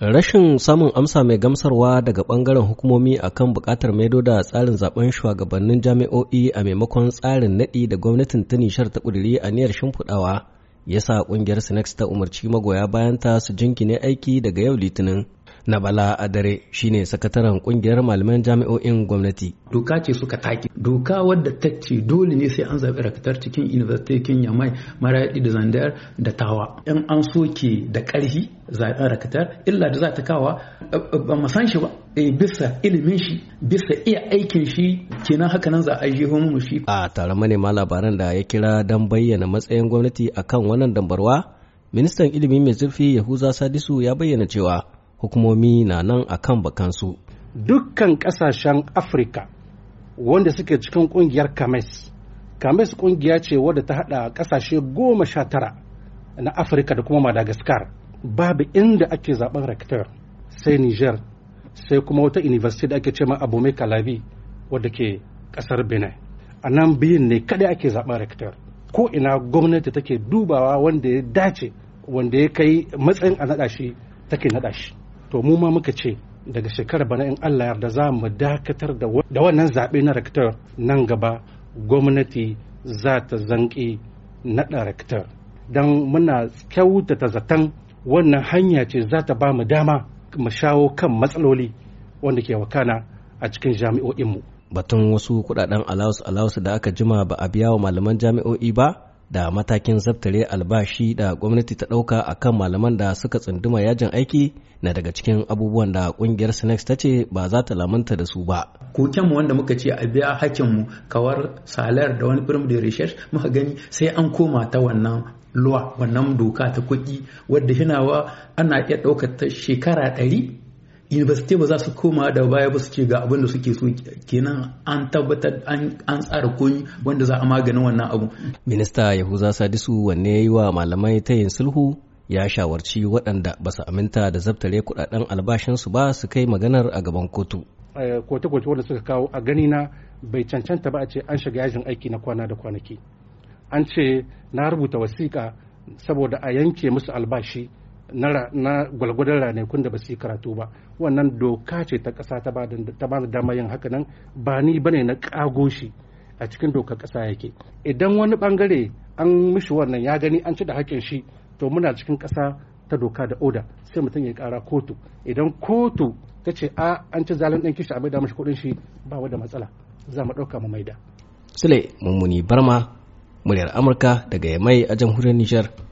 Rashin samun amsa mai gamsarwa daga ɓangaren hukumomi a kan buƙatar maido da tsarin zaben shugabannin jami'o'i a maimakon tsarin naɗi da gwamnatin ta nishar ta Kuduri a niyyar shimfiɗawa ya sa ƙungiyar sinex ta umarci magoya bayanta su jinkine aiki daga yau litinin na bala a dare shine sakataren kungiyar malaman jami'o'in gwamnati doka ce suka take doka wadda ta ce dole ne sai an zaɓi rakatar cikin university kin yamai maraɗi da zandar da tawa in an soke da ƙarfi zaɓen rakatar illa da za ta kawa ba mu san shi ba eh, bisa ilimin shi bisa iya aikin shi kenan haka nan za a yi mu shi a taron manema labaran da ya kira don bayyana matsayin gwamnati akan wannan dambarwa ministan ilimi mai zurfi yahuza sadisu ya bayyana cewa hukumomi na nan a kan bakansu. Dukkan ƙasashen Afirka wanda suke cikin ƙungiyar Kames, Kames ƙungiya ce wadda ta haɗa ƙasashe goma sha tara na Afirka da kuma Madagascar. Babu inda ake zaɓen rektor sai Niger, sai kuma wata university da ake ce ma Abome Kalabi wadda ke ƙasar Benin. A nan biyun ne kaɗai ake zaɓen rektor. Ko ina gwamnati take dubawa wanda ya dace, wanda ya kai matsayin a naɗa shi take naɗa shi. to mu ma muka ce daga shekarar bana in Allah yarda za mu dakatar da wannan zaɓe na rektor nan gaba gwamnati za ta zanƙi naɗa rektor don muna kyautata zaton wannan hanya ce za ta ba mu dama mu shawo kan matsaloli wanda ke wakana a cikin jami'o'inmu. batun wasu kudaden alawus alawus da aka jima ba a biya wa malaman jami'o'i ba da matakin zabtare albashi da gwamnati ta ɗauka a kan malaman da suka tsunduma yajin aiki na daga cikin abubuwan da ƙungiyar sinex ta ce ba za ta lamanta da su ba. kokenmu wanda muka ce a biya hakinmu kawar salar da wani firm da research muka gani sai an koma ta wannan luwa wannan doka ta kuɗi wadda hinawa ana iya ɗaukar ta shekara ɗari university ba za su koma da baya ba su ce ga abin da suke so kenan an tabbatar an tsara kunyi wanda za a maganin wannan abu. Minista Yahuza Sadisu wanne ya yi wa malamai ta yin sulhu ya shawarci waɗanda ba su aminta da zabtare kuɗaɗen albashinsu ba su kai maganar a gaban kotu. Eh, Kote-kote wanda suka kawo a gani na bai cancanta ba a ce an shiga yajin aiki na kwana da kwanaki. An ce na rubuta wasiƙa saboda a yanke musu albashi na gwalgwadon ranakun da ba su yi karatu ba wannan doka ce ta ƙasa ta ba da dama yin haka nan ba ni bane na ƙago shi a cikin doka ƙasa yake idan wani bangare an mishi wannan ya gani an ci da haƙƙin shi to muna cikin ƙasa ta doka da oda sai mutum ya ƙara kotu idan kotu ta ce a an ci zalin ɗan kishi a maida mashi kuɗin shi ba da matsala za mu ɗauka mu maida. Sule Mummuni Barma, muryar Amurka daga Yamai a jamhuriyar Nijar.